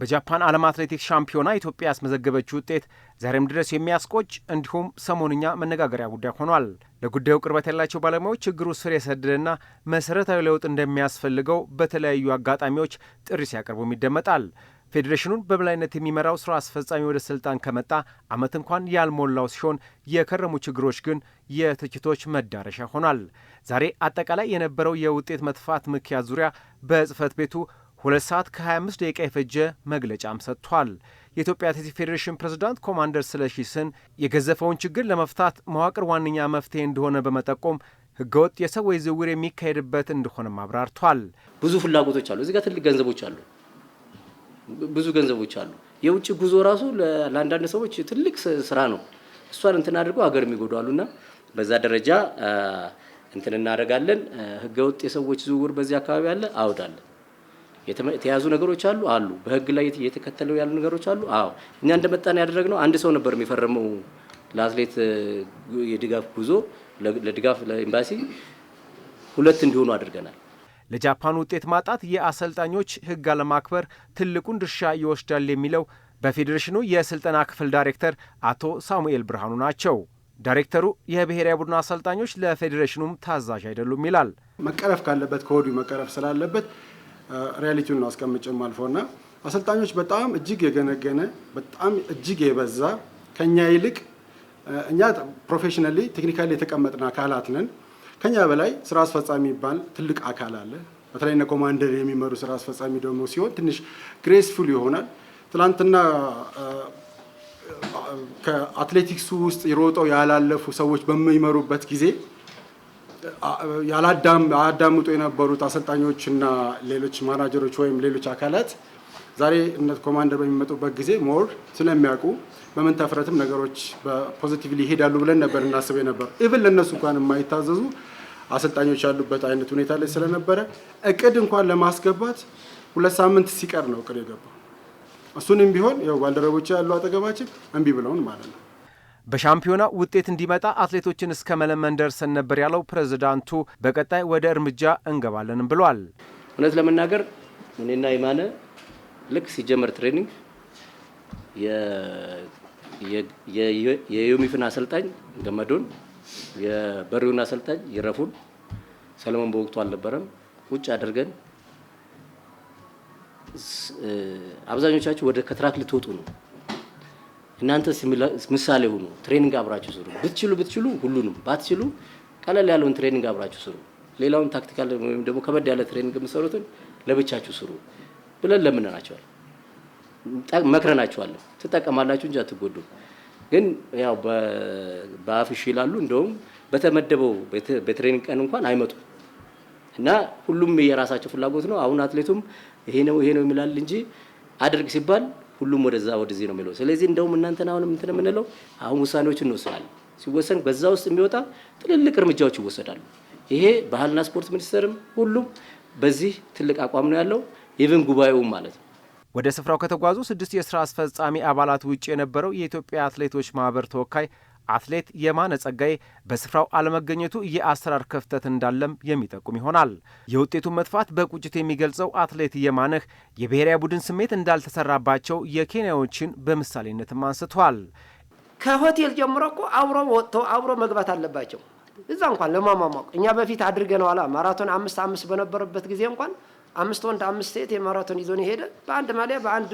በጃፓን ዓለም አትሌቲክስ ሻምፒዮና ኢትዮጵያ ያስመዘገበችው ውጤት ዛሬም ድረስ የሚያስቆጭ እንዲሁም ሰሞንኛ መነጋገሪያ ጉዳይ ሆኗል። ለጉዳዩ ቅርበት ያላቸው ባለሙያዎች ችግሩ ስር የሰደደና መሰረታዊ ለውጥ እንደሚያስፈልገው በተለያዩ አጋጣሚዎች ጥሪ ሲያቀርቡም ይደመጣል። ፌዴሬሽኑን በበላይነት የሚመራው ስራ አስፈጻሚ ወደ ስልጣን ከመጣ ዓመት እንኳን ያልሞላው ሲሆን የከረሙ ችግሮች ግን የትችቶች መዳረሻ ሆኗል። ዛሬ አጠቃላይ የነበረው የውጤት መጥፋት ምክንያት ዙሪያ በጽህፈት ቤቱ ሁለት ሰዓት ከ25 ደቂቃ የፈጀ መግለጫም ሰጥቷል። የኢትዮጵያ አትሌቲክስ ፌዴሬሽን ፕሬዝዳንት ኮማንደር ስለሺ ስህን የገዘፈውን ችግር ለመፍታት መዋቅር ዋነኛ መፍትሄ እንደሆነ በመጠቆም ህገወጥ የሰዎች ዝውውር የሚካሄድበት እንደሆነም አብራርቷል። ብዙ ፍላጎቶች አሉ። እዚህ ጋር ትልቅ ገንዘቦች አሉ፣ ብዙ ገንዘቦች አሉ። የውጭ ጉዞ ራሱ ለአንዳንድ ሰዎች ትልቅ ስራ ነው። እሷን እንትን አድርገው ሀገር የሚጎዱ በዛ ደረጃ እንትን እናደርጋለን። ህገወጥ የሰዎች ዝውውር በዚህ አካባቢ አለ አውዳለን የተያዙ ነገሮች አሉ አሉ። በህግ ላይ እየተከተለው ያሉ ነገሮች አሉ። አዎ እኛ እንደመጣን ያደረግነው አንድ ሰው ነበር የሚፈረመው ለአትሌት የድጋፍ ጉዞ ለድጋፍ ለኤምባሲ ሁለት እንዲሆኑ አድርገናል። ለጃፓን ውጤት ማጣት የአሰልጣኞች ህግ አለማክበር ትልቁን ድርሻ ይወስዳል የሚለው በፌዴሬሽኑ የስልጠና ክፍል ዳይሬክተር አቶ ሳሙኤል ብርሃኑ ናቸው። ዳይሬክተሩ የብሔራዊ ቡድን አሰልጣኞች ለፌዴሬሽኑም ታዛዥ አይደሉም ይላል። መቀረፍ ካለበት ከወዲሁ መቀረፍ ስላለበት ሪያሊቲውን ነው አስቀምጭም አልፎና አሰልጣኞች በጣም እጅግ የገነገነ በጣም እጅግ የበዛ ከኛ ይልቅ እኛ ፕሮፌሽናሊ ቴክኒካሊ የተቀመጥን አካላት ነን። ከኛ በላይ ስራ አስፈጻሚ የሚባል ትልቅ አካል አለ። በተለይ እነ ኮማንደር የሚመሩ ስራ አስፈጻሚ ደግሞ ሲሆን ትንሽ ግሬስፉል ይሆናል። ትላንትና ከአትሌቲክሱ ውስጥ ሮጠው ያላለፉ ሰዎች በሚመሩበት ጊዜ ያላዳምጡ የነበሩት አሰልጣኞችና ሌሎች ማናጀሮች ወይም ሌሎች አካላት ዛሬ እነ ኮማንደር በሚመጡበት ጊዜ ሞር ስለሚያውቁ በምን ተፍረትም ነገሮች በፖዚቲቭሊ ይሄዳሉ ብለን ነበር እናስብ ነበር። ኢቭን ለእነሱ እንኳን የማይታዘዙ አሰልጣኞች ያሉበት አይነት ሁኔታ ላይ ስለነበረ እቅድ እንኳን ለማስገባት ሁለት ሳምንት ሲቀር ነው እቅድ የገባው። እሱንም ቢሆን ያው ባልደረቦች ያሉ አጠገባችን እምቢ ብለውን ማለት ነው። በሻምፒዮና ውጤት እንዲመጣ አትሌቶችን እስከ መለመን ደርሰን ነበር ያለው ፕሬዚዳንቱ በቀጣይ ወደ እርምጃ እንገባለን ብሏል። እውነት ለመናገር እኔና የማነ ልክ ሲጀመር ትሬኒንግ የዩሚፍን አሰልጣኝ ገመዱን የበሪውን አሰልጣኝ ይረፉን፣ ሰለሞን በወቅቱ አልነበረም፣ ውጭ አድርገን አብዛኞቻችሁ ወደ ከትራክ ልትወጡ ነው እናንተ ምሳሌ ሁኑ። ትሬኒንግ አብራችሁ ስሩ። ብትችሉ ብትችሉ ሁሉንም ባትችሉ ቀለል ያለውን ትሬኒንግ አብራችሁ ስሩ። ሌላውን ታክቲካል ወይም ደግሞ ከበድ ያለ ትሬኒንግ የምሰሩትን ለብቻችሁ ስሩ ብለን ለምነናቸዋል፣ መክረናቸዋለን። ትጠቀማላችሁ እንጂ አትጎዱ ግን ያው በአፍሽ ይላሉ። እንደውም በተመደበው በትሬኒንግ ቀን እንኳን አይመጡም እና ሁሉም የራሳቸው ፍላጎት ነው። አሁን አትሌቱም ይሄ ነው ይሄ ነው የሚላል እንጂ አድርግ ሲባል ሁሉም ወደዛ ወደዚህ ነው የሚለው። ስለዚህ እንደውም እናንተን አሁንም እንትን የምንለው አሁን ውሳኔዎች እንወስናለን። ሲወሰን በዛ ውስጥ የሚወጣ ትልልቅ እርምጃዎች ይወሰዳሉ። ይሄ ባህልና ስፖርት ሚኒስቴርም ሁሉም በዚህ ትልቅ አቋም ነው ያለው፣ ኢቭን ጉባኤውም ማለት ነው። ወደ ስፍራው ከተጓዙ ስድስት የስራ አስፈጻሚ አባላት ውጭ የነበረው የኢትዮጵያ አትሌቶች ማህበር ተወካይ አትሌት የማነ ጸጋይ በስፍራው አለመገኘቱ የአሰራር ክፍተት እንዳለም የሚጠቁም ይሆናል። የውጤቱን መጥፋት በቁጭት የሚገልጸው አትሌት የማነህ የብሔራዊ ቡድን ስሜት እንዳልተሰራባቸው የኬንያዎችን በምሳሌነትም አንስቷል። ከሆቴል ጀምሮ እኮ አብሮ ወጥቶ አብሮ መግባት አለባቸው። እዛ እንኳን ለማሟሟቅ እኛ በፊት አድርገነዋላ። ማራቶን አምስት አምስት በነበረበት ጊዜ እንኳን አምስት ወንድ አምስት ሴት የማራቶን ይዞን የሄደ በአንድ ማሊያ በአንድ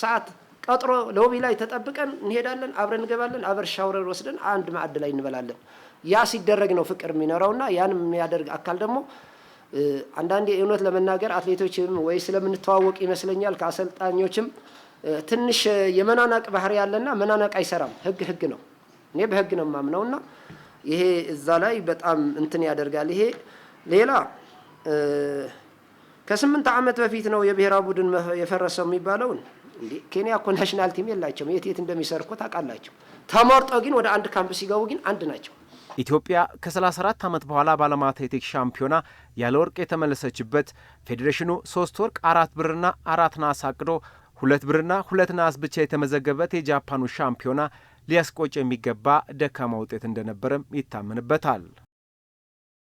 ሰዓት ቀጥሮ ሎቢ ላይ ተጠብቀን እንሄዳለን፣ አብረን እንገባለን፣ አብረን ሻውረን ወስደን አንድ ማዕድ ላይ እንበላለን። ያ ሲደረግ ነው ፍቅር የሚኖረውና ያን የሚያደርግ አካል ደግሞ አንዳንዴ እውነት ለመናገር አትሌቶችም ወይ ስለምንተዋወቅ ይመስለኛል ከአሰልጣኞችም ትንሽ የመናናቅ ባህሪ ያለና መናናቅ አይሰራም። ህግ ህግ ነው። እኔ በህግ ነው የማምነውና ይሄ እዛ ላይ በጣም እንትን ያደርጋል። ይሄ ሌላ ከስምንት ዓመት በፊት ነው የብሔራዊ ቡድን የፈረሰው የሚባለውን እንዴ ኬንያ እኮ ናሽናል ቲም የላቸውም። የት የት እንደሚሰርኩ ታውቃላቸው። ተመርጦ ግን ወደ አንድ ካምፕ ሲገቡ ግን አንድ ናቸው። ኢትዮጵያ ከ34 ዓመት በኋላ በዓለም አትሌቲክስ ሻምፒዮና ያለ ወርቅ የተመለሰችበት ፌዴሬሽኑ ሶስት ወርቅ አራት ብርና አራት ናስ አቅዶ ሁለት ብርና ሁለት ናስ ብቻ የተመዘገበት የጃፓኑ ሻምፒዮና ሊያስቆጭ የሚገባ ደካማ ውጤት እንደነበረም ይታመንበታል።